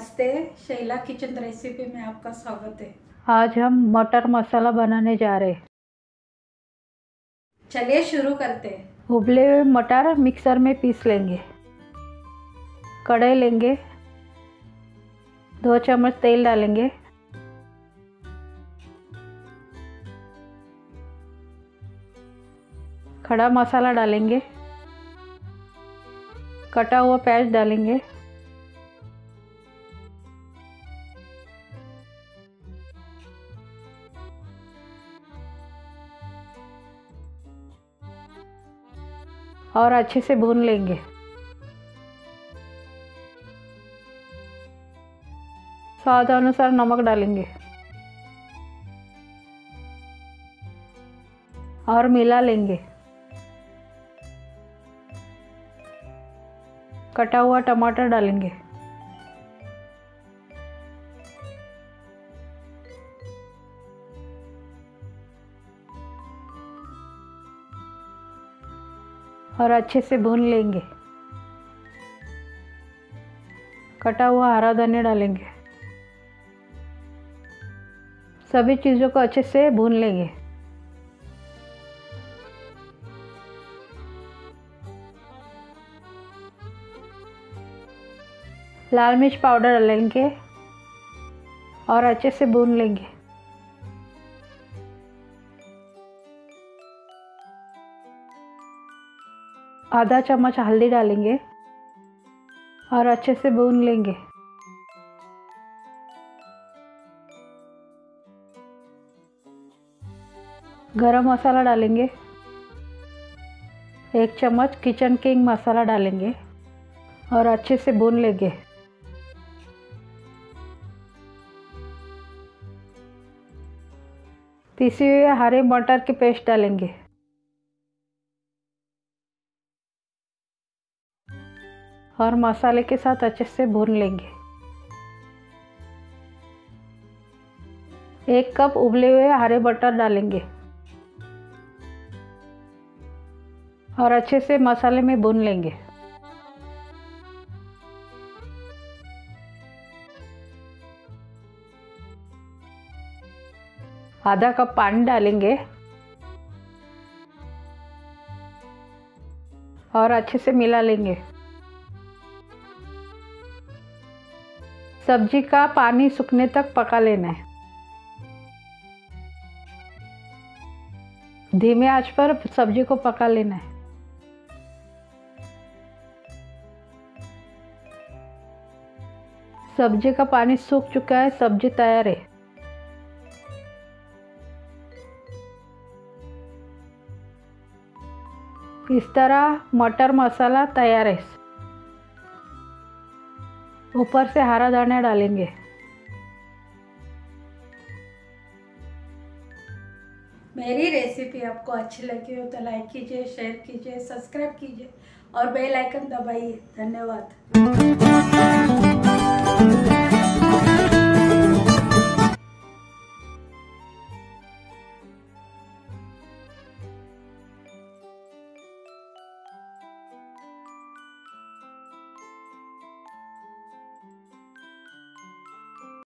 नमस्ते Shaila kitchen recipe में आपका स्वागत है आज हम मटर मसाला बनाने जा रहे हैं चलिए शुरू करते हैं उबले हुए मटर मिक्सर में पीस लेंगे कड़े लेंगे दो चम्मच तेल डालेंगे खड़ा मसाला डालेंगे कटा हुआ प्याज डालेंगे और अच्छे से भून लेंगे स्वाद अनुसार नमक डालेंगे और मिला लेंगे कटा हुआ टमाटर डालेंगे और अच्छे से भून लेंगे कटा हुआ हरा धनिया डालेंगे सभी चीज़ों को अच्छे से भून लेंगे लाल मिर्च पाउडर डालेंगे और अच्छे से भून लेंगे आधा चम्मच हल्दी डालेंगे और अच्छे से भून लेंगे गरम मसाला डालेंगे एक चम्मच किचन किंग मसाला डालेंगे और अच्छे से भून लेंगे पीसी हुए हरे मटर की पेस्ट डालेंगे और मसाले के साथ अच्छे से भून लेंगे एक कप उबले हुए हरे बटर डालेंगे और अच्छे से मसाले में भून लेंगे आधा कप पानी डालेंगे और अच्छे से मिला लेंगे सब्जी का पानी सूखने तक पका लेना है धीमे आंच पर सब्जी को पका लेना है सब्जी का पानी सूख चुका है सब्जी तैयार है इस तरह मटर मसाला तैयार है ऊपर से हरा धनिया डालेंगे मेरी रेसिपी आपको अच्छी लगी हो तो लाइक कीजिए शेयर कीजिए सब्सक्राइब कीजिए और बेल आइकन दबाइए धन्यवाद